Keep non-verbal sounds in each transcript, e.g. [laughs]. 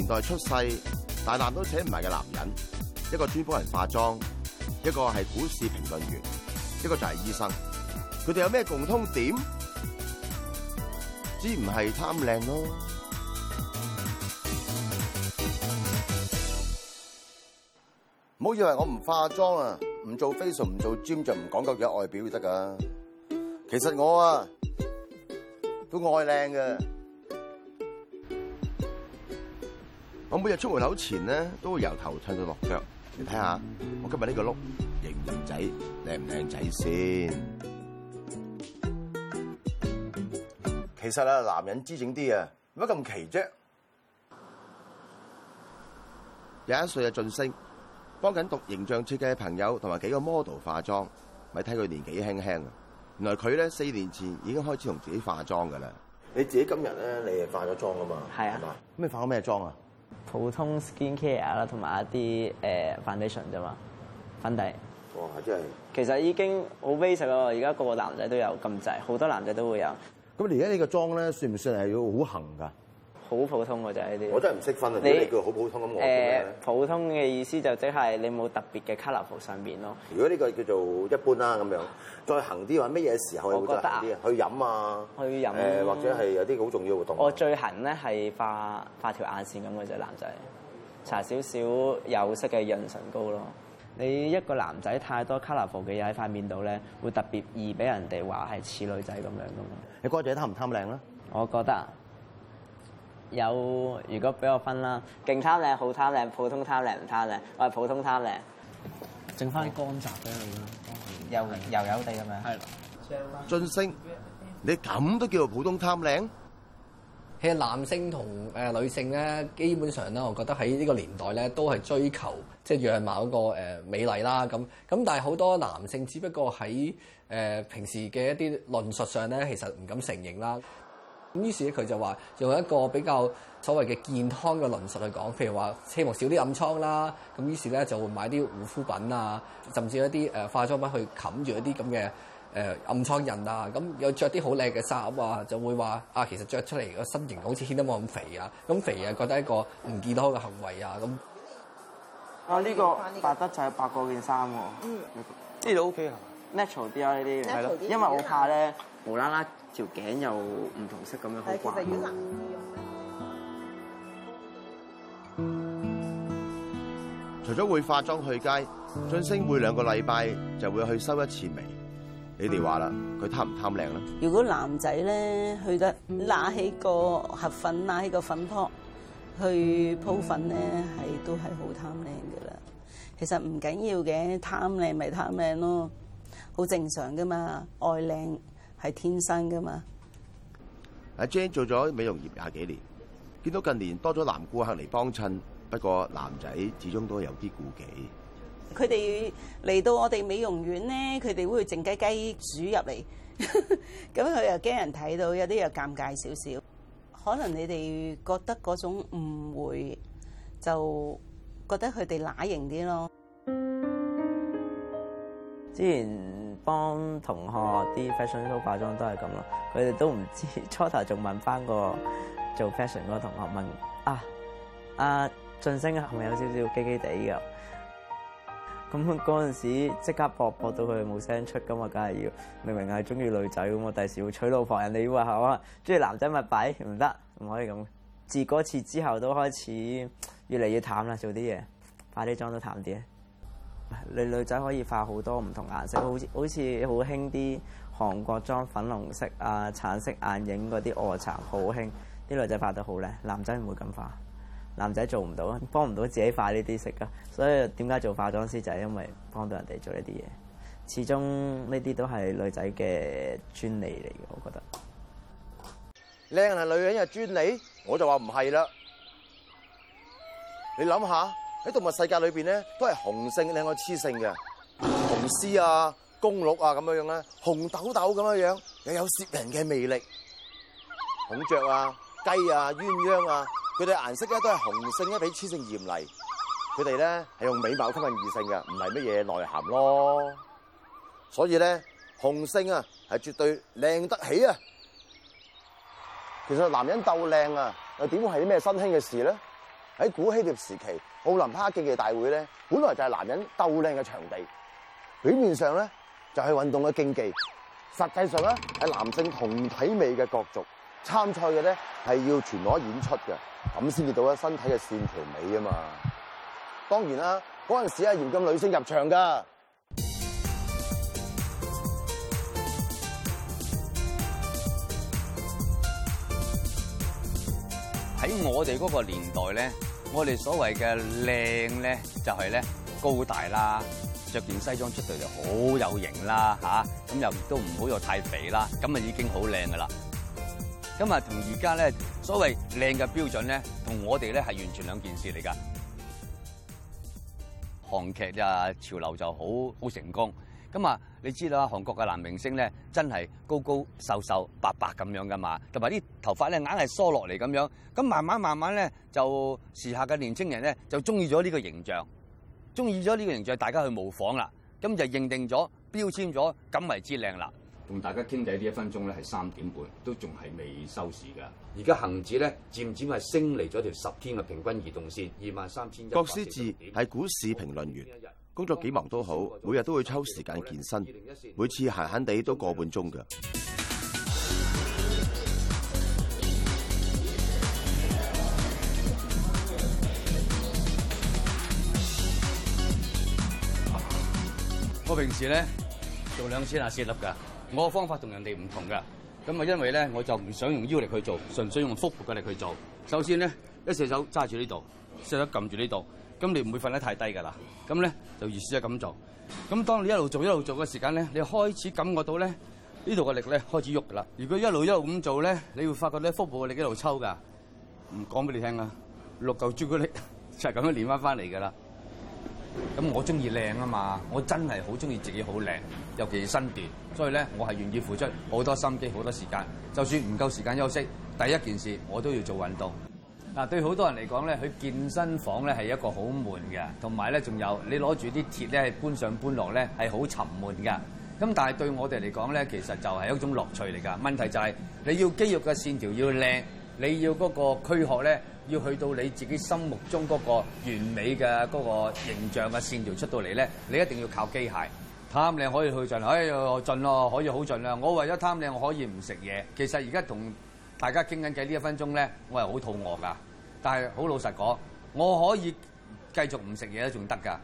年代出世，大男都請唔埋嘅男人，一個專科人化妝，一個係股市評論員，一個就係醫生，佢哋有咩共通點？只唔係貪靚咯。唔好以為我唔化妝啊，唔做 facial 唔做 gym 就唔講究嘅外表得噶。其實我啊，都愛靚嘅。我每日出門口前咧，都會由頭襯到落腳。你睇下，我今日呢個碌型唔型仔，靚唔靚仔先。型型其實啊，男人知整啲啊，乜咁奇啫？廿一歲嘅俊昇，幫緊讀形象設計嘅朋友同埋幾個 model 化妝，咪睇佢年紀輕輕啊。原來佢咧四年前已經開始同自己化妝噶啦。你自己今日咧，你係化咗妝噶嘛？係啊。係嘛？咁你化咗咩妝啊？普通 skin care 啦，同埋一啲誒 foundation 啫嘛，粉底。粉底哇！真係。其實已經好 basic 咯，而家個個男仔都有咁滯，好多，多男仔都會有。咁而家呢個妝咧，算唔算係要好恆㗎？好普通嘅就係呢啲，我真係唔識分啊！呢啲叫好普通咁講嘅咧。誒，普通嘅意思就即係你冇特別嘅 color 上邊咯。如果呢個叫做一般啦咁樣，再行啲話乜嘢時候會我覺去會得啲去飲啊，去飲飲誒、呃，或者係有啲好重要嘅活動。我最行咧係化化條眼線咁嘅就男仔，搽少少有色嘅潤唇膏咯。你一個男仔太多 colorful 嘅嘢喺塊面度咧，會特別易俾人哋話係似女仔咁樣噶嘛？你覺得睇貪唔貪靚咧？我覺得。有，如果俾我分啦，勁貪靚、好貪靚、普通貪靚、唔貪靚，我係普通貪靚。剩翻啲乾雜俾你啦，油油油地係咪？係的。俊昇，你咁都叫做普通貪靚？其實男性同誒女性咧，基本上咧，我覺得喺呢個年代咧，都係追求即係樣貌嗰個美麗啦。咁咁，但係好多男性只不過喺誒平時嘅一啲論述上咧，其實唔敢承認啦。咁於是咧，佢就話用一個比較所謂嘅健康嘅論述去講，譬如話希望少啲暗瘡啦。咁於是咧就會買啲護膚品啊，甚至一啲誒化妝品去冚住一啲咁嘅誒暗瘡印啊。咁又着啲好靚嘅衫啊，就會話啊，其實着出嚟個身形好似顯得冇咁肥，肥啊。咁肥啊，覺得一個唔健康嘅行為啊。咁啊，呢個白得就係白過件衫喎。呢度 OK 係咪？Natural 啲啊，呢啲，因為我怕咧無啦啦。條頸又唔同色咁樣，除咗會化妝去街，俊昇每兩個禮拜就會去收一次眉你。你哋話啦，佢貪唔貪靚咧？如果男仔咧去得拿起個盒粉，拿起個粉撲去鋪粉咧，係都係好貪靚噶啦。其實唔緊要嘅，貪靚咪貪靚咯，好正常噶嘛，愛靚。係天生噶嘛？阿 Jane 做咗美容業廿幾年，見到近年多咗男顧客嚟幫襯，不過男仔始終都有啲顧忌。佢哋嚟到我哋美容院咧，佢哋會靜雞雞煮入嚟，咁 [laughs] 佢又驚人睇到，有啲又尷尬少少。可能你哋覺得嗰種誤會，就覺得佢哋乸型啲咯。之前。幫同學啲 fashion show 化妝都係咁咯，佢哋都唔知，初頭仲問翻個做 fashion 嗰個同學問，啊，阿俊昇係咪有少少基基哋㗎？咁嗰時即刻駁駁到佢冇聲出噶嘛，梗係要明，明係中意女仔咁，我第時會娶老婆。人哋話嚇哇，中意男仔咪擺唔得，唔可以咁。自嗰次之後都開始越嚟越淡啦，做啲嘢化啲妝都淡啲。你女仔可以化好多唔同顏色，好似好似好興啲韓國妝粉紅色啊、橙色眼影嗰啲，卧蠶好興，啲女仔化得好靚，男仔唔會咁化，男仔做唔到，幫唔到自己化呢啲色噶，所以點解做化妝師就係、是、因為幫到人哋做呢啲嘢，始終呢啲都係女仔嘅專利嚟嘅，我覺得。靚係女人嘅專利，我就話唔係啦，你諗下。喺動物世界裏邊呢，都係雄性靚過雌性嘅，雄獅啊、公鹿啊咁樣樣咧，紅豆豆咁樣樣，又有攝人嘅魅力，孔雀啊、雞啊、鴛鴦啊，佢哋顏色呢都係雄性一比雌性艷麗，佢哋呢係用美貌吸引異性嘅，唔係乜嘢內涵咯。所以呢，雄性啊係絕對靚得起啊！其實男人鬥靚啊，又點會係啲咩新興嘅事呢？喺古希臘時期，奧林匹克競技大會咧，本來就係男人鬥靚嘅場地。表面上咧就係運動嘅競技，實際上咧係男性同體美嘅角逐。參賽嘅咧係要全裸演出嘅，咁先至到咗身體嘅線條美啊嘛。當然啦，嗰陣時係嚴禁女性入場噶。喺我哋嗰個年代咧。我哋所謂嘅靚咧，就係咧高大啦，着件西裝出到就好有型啦吓，咁又都唔好又太肥啦，咁啊已經好靚噶啦。咁啊同而家咧所謂靚嘅標準咧，同我哋咧係完全兩件事嚟噶。韓劇啊潮流就好好成功。咁啊，你知道啊，韓國嘅男明星咧，真係高高瘦瘦、白白咁樣嘅嘛，同埋啲頭髮咧硬係梳落嚟咁樣。咁慢慢慢慢咧，就時下嘅年青人咧就中意咗呢個形象，中意咗呢個形象，大家去模仿啦。咁就認定咗標籤咗，咁為之靚啦。同大家傾偈呢一分鐘咧，係三點半，都仲係未收市㗎。而家恆指咧，漸漸係升嚟咗條十天嘅平均移動線，二萬三千。郭思治係股市評論員。工作幾忙都好，每日都會抽時間健身，每次閒閒地都個半鐘㗎。我平時咧做兩千啊四粒㗎，我嘅方法同人哋唔同㗎。咁啊，因為咧我就唔想用腰力去做，純粹用腹部嘅力去做。首先咧，一隻手揸住呢度，隻手撳住呢度。咁你唔會瞓得太低㗎啦，咁咧就意思係咁做。咁當你一路做一路做嘅時間咧，你開始感覺到咧呢度嘅力咧開始喐㗎啦。如果一路一路咁做咧，你會發覺咧腹部嘅力一路抽㗎。唔講俾你聽啊，六嚿朱古力就係咁樣練翻翻嚟㗎啦。咁我中意靚啊嘛，我真係好中意自己好靚，尤其是身段。所以咧，我係願意付出好多心機，好多時間。就算唔夠時間休息，第一件事我都要做運動。嗱，對好多人嚟講咧，去健身房咧係一個好悶嘅，同埋咧仲有你攞住啲鐵咧搬上搬落咧係好沉悶嘅。咁但係對我哋嚟講咧，其實就係一種樂趣嚟㗎。問題就係你要肌肉嘅線條要靚，你要嗰個軀殼咧要去到你自己心目中嗰個完美嘅嗰個形象嘅線條出到嚟咧，你一定要靠機械。貪靚可以去盡，哎盡咯，可以好盡量。我為咗貪靚，我可以唔食嘢。其實而家同大家傾緊偈呢一分鐘咧，我係好肚餓噶，但係好老實講，我可以繼續唔食嘢都仲得噶。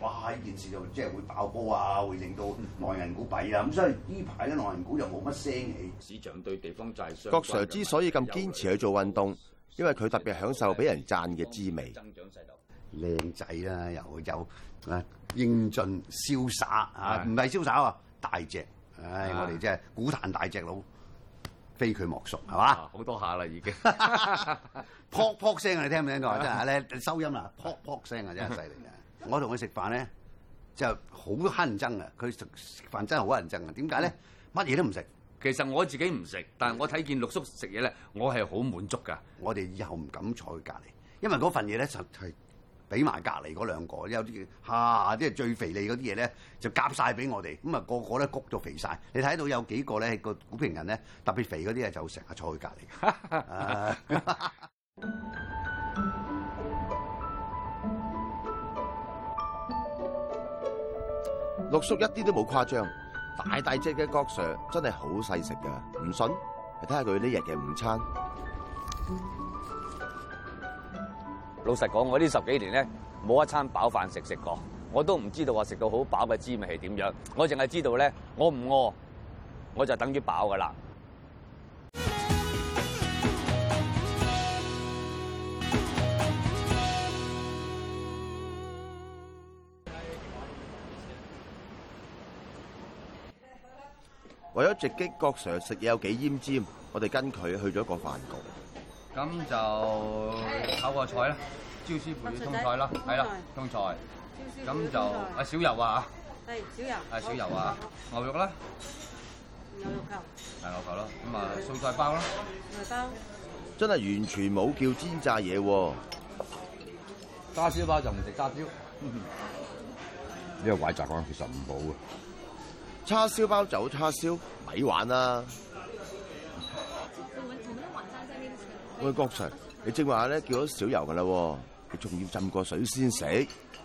哇！呢件事就即係會爆煲啊，會令到內銀股弊啊！咁所以呢排咧內銀股又冇乜聲氣。市場對地方債。郭 Sir 之所以咁堅持去做運動，他因為佢特別享受俾人讚嘅滋味。增長勢頭。靚仔啦，又有，有啊英俊瀟灑啊，唔係的瀟灑喎，大隻。唉、哎，是的我哋即係古壇大隻佬。非佢莫屬，係嘛？好多下啦已經，撲撲 [laughs] 聲你聽唔聽到？啊？真係咧收音啊，撲撲聲啊真係犀利啊！ [laughs] 我同佢食飯咧就好乞人憎啊，佢食飯真係好乞人憎啊！點解咧？乜嘢都唔食，其實我自己唔食，但係我睇見六叔食嘢咧，我係好滿足㗎。我哋以後唔敢坐佢隔離，因為嗰份嘢咧就係。俾埋隔離嗰兩個，有啲吓即係最肥膩嗰啲嘢咧，就夾晒俾我哋，咁啊個個咧谷到肥晒。你睇到有幾個咧，個股評人咧特別肥嗰啲 [laughs] 啊，就成日坐喺隔離。六叔一啲都冇誇張，大大隻嘅角 Sir 真係好細食噶，唔信嚟睇下佢呢日嘅午餐。嗯老實講，我呢十幾年咧冇一餐飽飯食食過，我都唔知道話食到好飽嘅滋味係點樣。我淨係知道咧，我唔餓，我就等於飽㗎喇。為咗直擊郭 Sir 食嘢有幾奄尖，我哋跟佢去咗一個飯局。咁就炒個菜啦，焦師傅要通菜啦，係啦，通菜。咁就啊少油啊嚇。係少油。係少油啊！少油牛肉啦。牛肉球。係牛肉球咯。咁啊素菜包啦。菜包。真係完全冇叫煎炸嘢喎，叉燒包就唔食叉燒。呢個壞習慣其實唔好啊。叉燒包走叉燒，咪、嗯、玩啦。喂，郭 Sir，你正話咧叫咗少油噶啦，你仲要浸過水先食。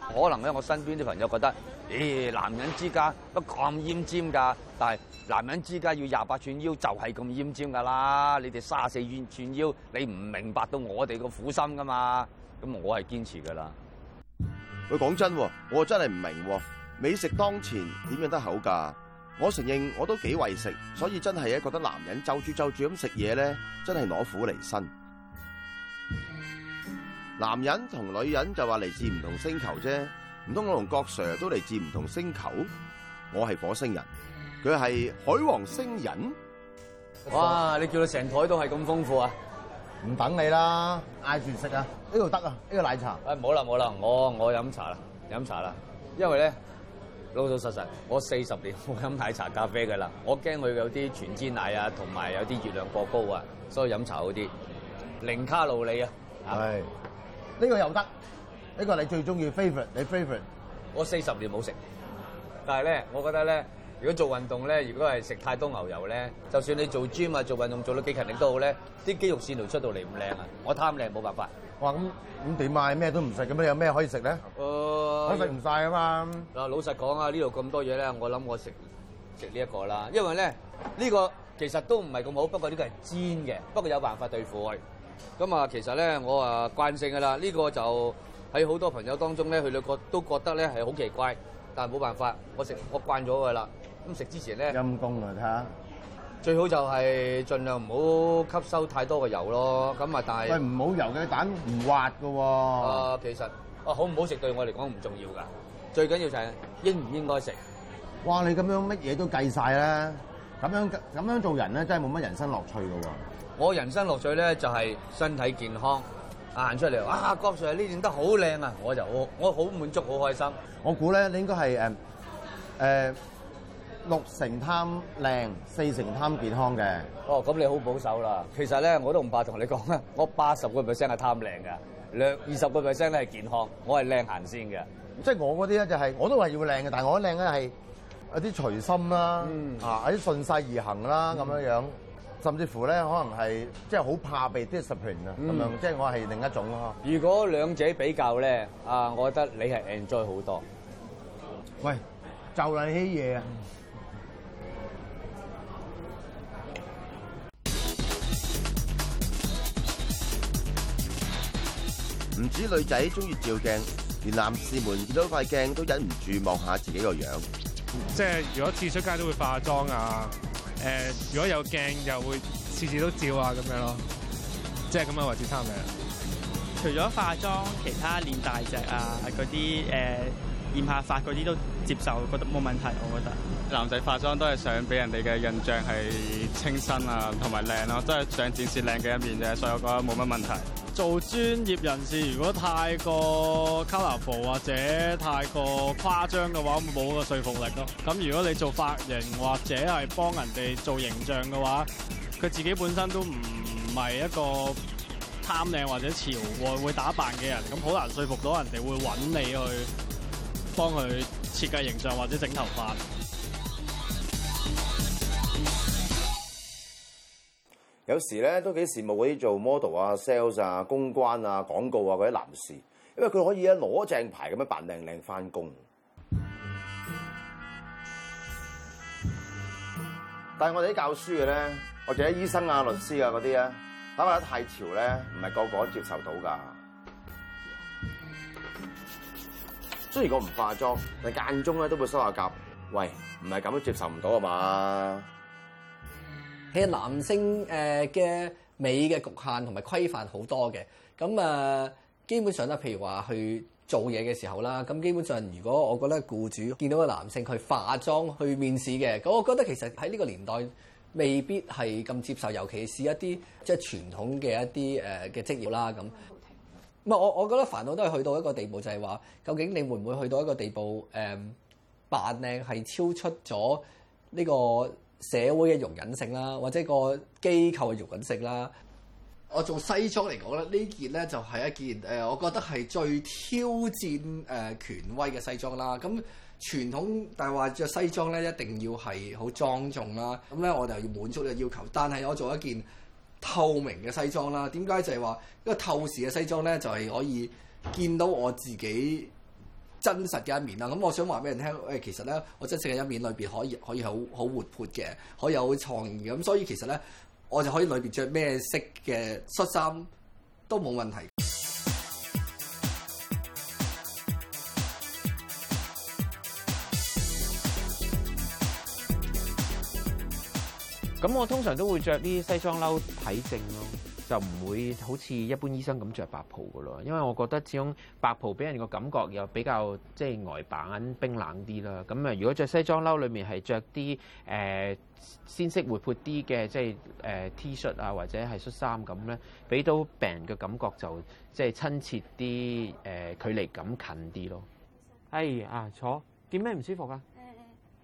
可能咧，我身邊啲朋友覺得，咦、哎，男人之家乜咁奄尖噶，但係男人之家要廿八寸腰就係咁奄尖噶啦。你哋卅四寸寸腰，你唔明白到我哋個苦心噶嘛？咁我係堅持噶啦。喂，講真喎，我真係唔明白，美食當前點樣得口噶？我承認我都幾為食，所以真係咧覺得男人就住就住咁食嘢咧，真係攞苦嚟辛。男人同女人就話嚟自唔同星球啫，唔通我同郭 Sir 都嚟自唔同星球？我係火星人，佢係海王星人。哇！你叫到成台都係咁豐富啊！唔等你啦，嗌住食啊！呢度得啊，呢個奶茶。誒，冇啦冇啦，我我飲茶啦，飲茶啦。因為咧老老實實，我四十年冇飲奶茶咖啡噶啦，我驚佢有啲全脂奶啊，同埋有啲熱量過高啊，所以飲茶好啲。零卡路里啊！係呢係個又得，呢個你最中意 favorite，你 favorite。我四十年冇食，但係咧，我覺得咧，如果做運動咧，如果係食太多牛油咧，就算你做 gym 啊做運動做到幾勤力都好咧，啲肌肉線條出到嚟唔靚啊！我貪靚冇辦法。哇！咁咁點買？咩都唔食咁你有咩可以食咧？誒、呃，我食唔晒啊嘛。嗱，老實講啊，呢度咁多嘢咧，我諗我食食呢一個啦，因為咧呢、呢個其實都唔係咁好，不過呢個係煎嘅，不過有辦法對付。咁啊，其實咧，我啊慣性噶啦，呢個就喺好多朋友當中咧，佢哋覺都覺得咧係好奇怪，但係冇辦法，我食我慣咗噶啦。咁食之前咧，陰功㗎，睇下最好就係盡量唔好吸收太多嘅油咯。咁啊，但係喂唔好油嘅蛋唔滑噶喎。啊，其實啊，好唔好食對我嚟講唔重要㗎，最緊要就係應唔應該食。哇！你咁樣乜嘢都計晒啦，咁樣咁樣做人咧，真係冇乜人生樂趣㗎喎、啊。我人生樂趣咧就係、是、身體健康行出嚟啊！郭 Sir，呢段得好靚啊，我就我我好滿足好開心。我估咧你應該係、呃、六成貪靚，四成貪健康嘅。哦，咁你好保守啦。其實咧我都唔怕同你講啦。我八十個 percent 係貪靚嘅，二十個 percent 咧係健康，我係靚行先嘅。即係我嗰啲咧就係、是、我都係要靚嘅，但我靚咧係有啲隨心啦，嗯、啊，有啲順勢而行啦咁、嗯、樣。甚至乎咧，可能係即係好怕被 discipline 啊！咁樣即係我係另一種咯。如果兩者比較咧，啊，我覺得你係 enjoy 好多。喂，就嚟起嘢啊！唔止女仔鍾意照鏡，連男士們見到塊鏡都忍唔住望下自己個樣子即。即係如果次出街都會化妝啊！.誒，如果有鏡又會次次都照啊，咁樣咯，即係咁樣為止差唔多了。除咗化妝，其他練大隻啊，嗰啲誒，染下髮嗰啲都接受，覺得冇問題。我覺得男仔化妝都係想俾人哋嘅印象係清新啊，同埋靚咯，都係想展示靚嘅一面啫，所以我覺得冇乜問題。做專業人士如果太過 colourful 或者太過誇張嘅話，冇個說服力咯。咁如果你做髮型，或者係幫人哋做形象嘅話，佢自己本身都唔係一個貪靚或者潮會打扮嘅人，咁好難說服到人哋會揾你去幫佢設計形象或者整頭髮。有時咧都幾羨慕嗰啲做 model 啊、sales 啊、公關啊、廣告啊嗰啲男士，因為佢可以咧攞正牌咁樣扮靚靚翻工。但係我哋啲教書嘅咧，或者醫生啊、律師啊嗰啲打扮得太潮咧，唔係個個都接受到噶。雖然我唔化妝，但係間中咧都會修下甲。喂，唔係咁都接受唔到啊嘛？其實男性誒嘅美嘅局限同埋規範好多嘅，咁啊基本上咧，譬如話去做嘢嘅時候啦，咁基本上如果我覺得僱主見到個男性去化妝去面試嘅，我覺得其實喺呢個年代未必係咁接受，尤其是一啲即係傳統嘅一啲誒嘅職業啦咁。唔係我我覺得煩惱都係去到一個地步，就係話究竟你會唔會去到一個地步誒扮靚係超出咗呢個？社會嘅容忍性啦，或者個機構嘅容忍性啦。我做西裝嚟講咧，呢件呢就係一件誒，我覺得係最挑戰誒權威嘅西裝啦。咁傳統但係話着西裝呢，一定要係好莊重啦。咁呢，我就要滿足你要求，但係我做一件透明嘅西裝啦。點解就係話一個透視嘅西裝呢，就係可以見到我自己。真實嘅一面啦，咁我想話俾人聽，誒，其實咧，我真實嘅一面裏邊可以可以好好活潑嘅，可以好創意嘅，咁所以其實咧，我就可以裏邊着咩色嘅恤衫都冇問題。咁我通常都會着啲西裝褸睇症咯。就唔會好似一般醫生咁着白袍噶咯，因為我覺得始終白袍俾人個感覺又比較即係呆板冰冷啲啦。咁啊，如果着西裝褸，裡面係着啲誒鮮色活潑啲嘅，即係誒、呃、T 恤啊或者係恤衫咁咧，俾到病人嘅感覺就即係親切啲，誒、呃、距離咁近啲咯。係啊，坐點咩唔舒服啊？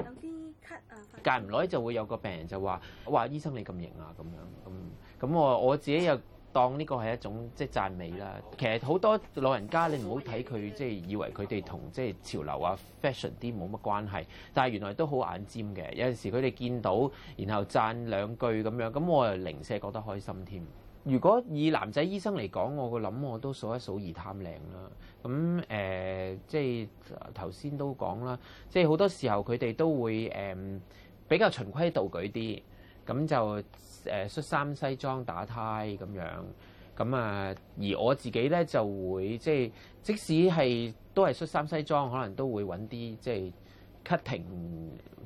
誒有啲咳啊。隔唔耐就會有個病人就話：話醫生你咁型啊咁樣咁。咁我我自己又當呢個係一種即係、就是、讚美啦。其實好多老人家你唔好睇佢即係以為佢哋同即係潮流啊 fashion 啲冇乜關係，但係原來都好眼尖嘅。有陣時佢哋見到，然後讚兩句咁樣，咁我又零舍覺得開心添。如果以男仔醫生嚟講，我個諗我都數一數二貪靚啦。咁誒即係頭先都講啦，即係好多時候佢哋都會誒、呃、比較循規蹈矩啲。咁就誒，恤衫西裝打呔咁樣，咁啊，而我自己咧就會即係，即使係都係恤衫西裝，可能都會揾啲即係 cutting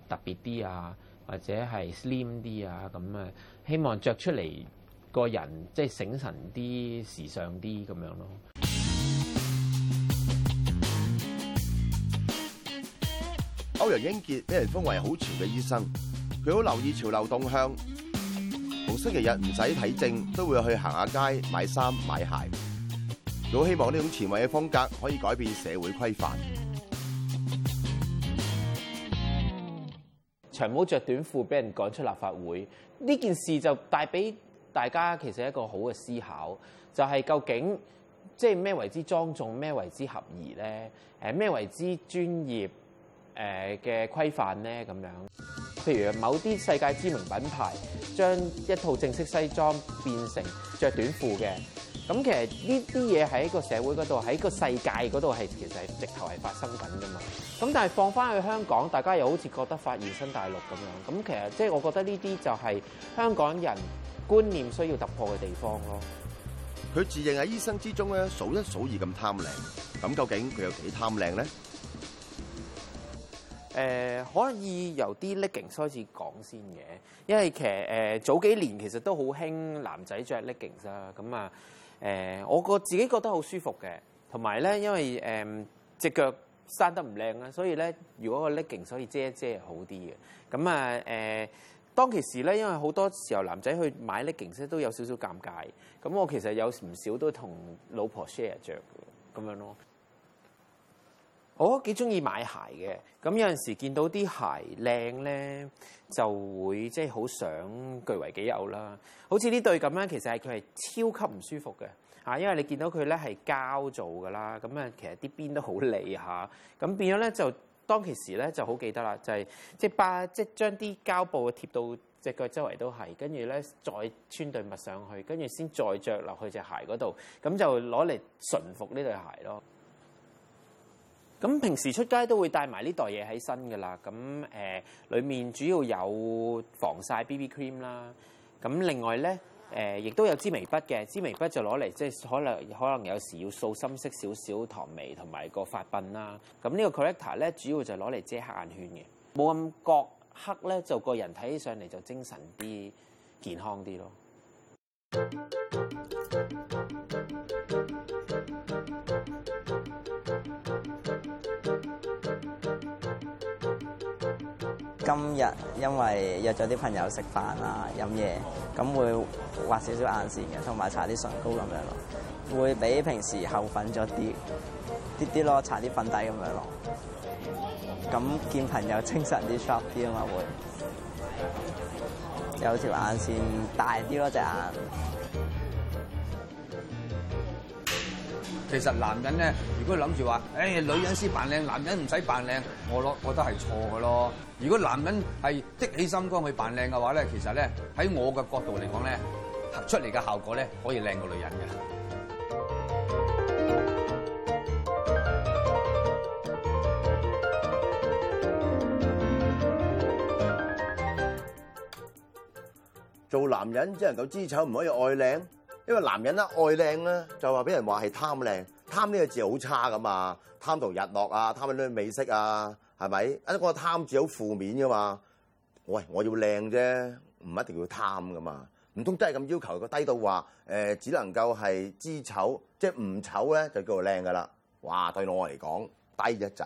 特別啲啊，或者係 slim 啲啊，咁啊，希望着出嚟個人即係醒神啲、時尚啲咁樣咯。歐陽英傑俾人封為好潮嘅醫生。佢好留意潮流動向，逢星期日唔使睇證都會去行下街買衫買鞋。佢好希望呢種前衛嘅風格可以改變社會規範。長毛着短褲俾人趕出立法會呢件事就帶俾大家其實一個好嘅思考，就係究竟即係咩為之莊重，咩為之合宜咧？誒咩為之專業誒嘅規範咧？咁樣。譬如某啲世界知名品牌，將一套正式西裝變成着短褲嘅，咁其實呢啲嘢喺個社會嗰度，喺個世界嗰度係其實係直頭係發生緊噶嘛。咁但係放翻去香港，大家又好似覺得發現新大陸咁樣。咁其實即係我覺得呢啲就係香港人觀念需要突破嘅地方咯。佢自認喺醫生之中咧，數一數二咁貪靚。咁究竟佢有幾貪靚咧？誒、呃、可以由啲 leggings 開始講先嘅，因為其實誒、呃、早幾年其實都好興男仔着 leggings 啦，咁啊誒、呃、我個自己覺得好舒服嘅，同埋咧因為誒隻、呃、腳生得唔靚啦，所以咧如果個 leggings 所以遮一遮就好啲嘅，咁啊誒、呃、當其時咧，因為好多時候男仔去買 leggings 都有少少尷尬，咁、啊、我其實有唔少都同老婆 share 着。咁樣咯。我都幾中意買鞋嘅，咁有陣時見到啲鞋靚咧，就會即係好想據為己有啦。好似呢對咁咧，其實係佢係超級唔舒服嘅，啊，因為你見到佢咧係膠做噶啦，咁啊，其實啲邊都好利下。咁變咗咧就當其時咧就好記得啦，就係即係把即係將啲膠布貼到隻腳周圍都係，跟住咧再穿對襪上去，跟住先再着落去隻鞋嗰度，咁就攞嚟馴服呢對鞋咯。咁平時出街都會帶埋呢袋嘢喺身㗎啦，咁誒、呃、裡面主要有防曬 BB cream 啦，咁另外咧誒亦都有支眉筆嘅，支眉筆就攞嚟即係可能可能有時要掃深色少少糖眉同埋個髮鬢啦，咁呢個 corrector 咧主要就攞嚟遮黑眼圈嘅，冇咁覺黑咧就個人睇起上嚟就精神啲、健康啲咯。今日因為約咗啲朋友食飯啊飲嘢，咁會畫少少眼線嘅，同埋搽啲唇膏咁樣咯，會比平時厚粉咗啲，啲啲咯，搽啲粉底咁樣咯。咁見朋友精神啲 sharp 啲啊嘛會，有條眼線大啲咯隻眼。其實男人咧，如果諗住話，誒、哎、女人先扮靚，男人唔使扮靚，我攞覺得係錯嘅咯。如果男人係的起心肝去扮靚嘅話咧，其實咧喺我嘅角度嚟講咧，出嚟嘅效果咧可以靚過女人嘅。做男人只能夠知醜，唔可以愛靚。因為男人咧愛靚咧，就話俾人話係貪靚，貪呢個字好差噶嘛，貪圖日落啊，貪啲美色啊，係咪？啊，個貪字好負面噶嘛。喂，我要靚啫，唔一定要貪噶嘛。唔通真係咁要求個低到話，誒、呃，只能夠係知醜，即係唔醜咧就叫靚噶啦。哇，對我嚟講低一制。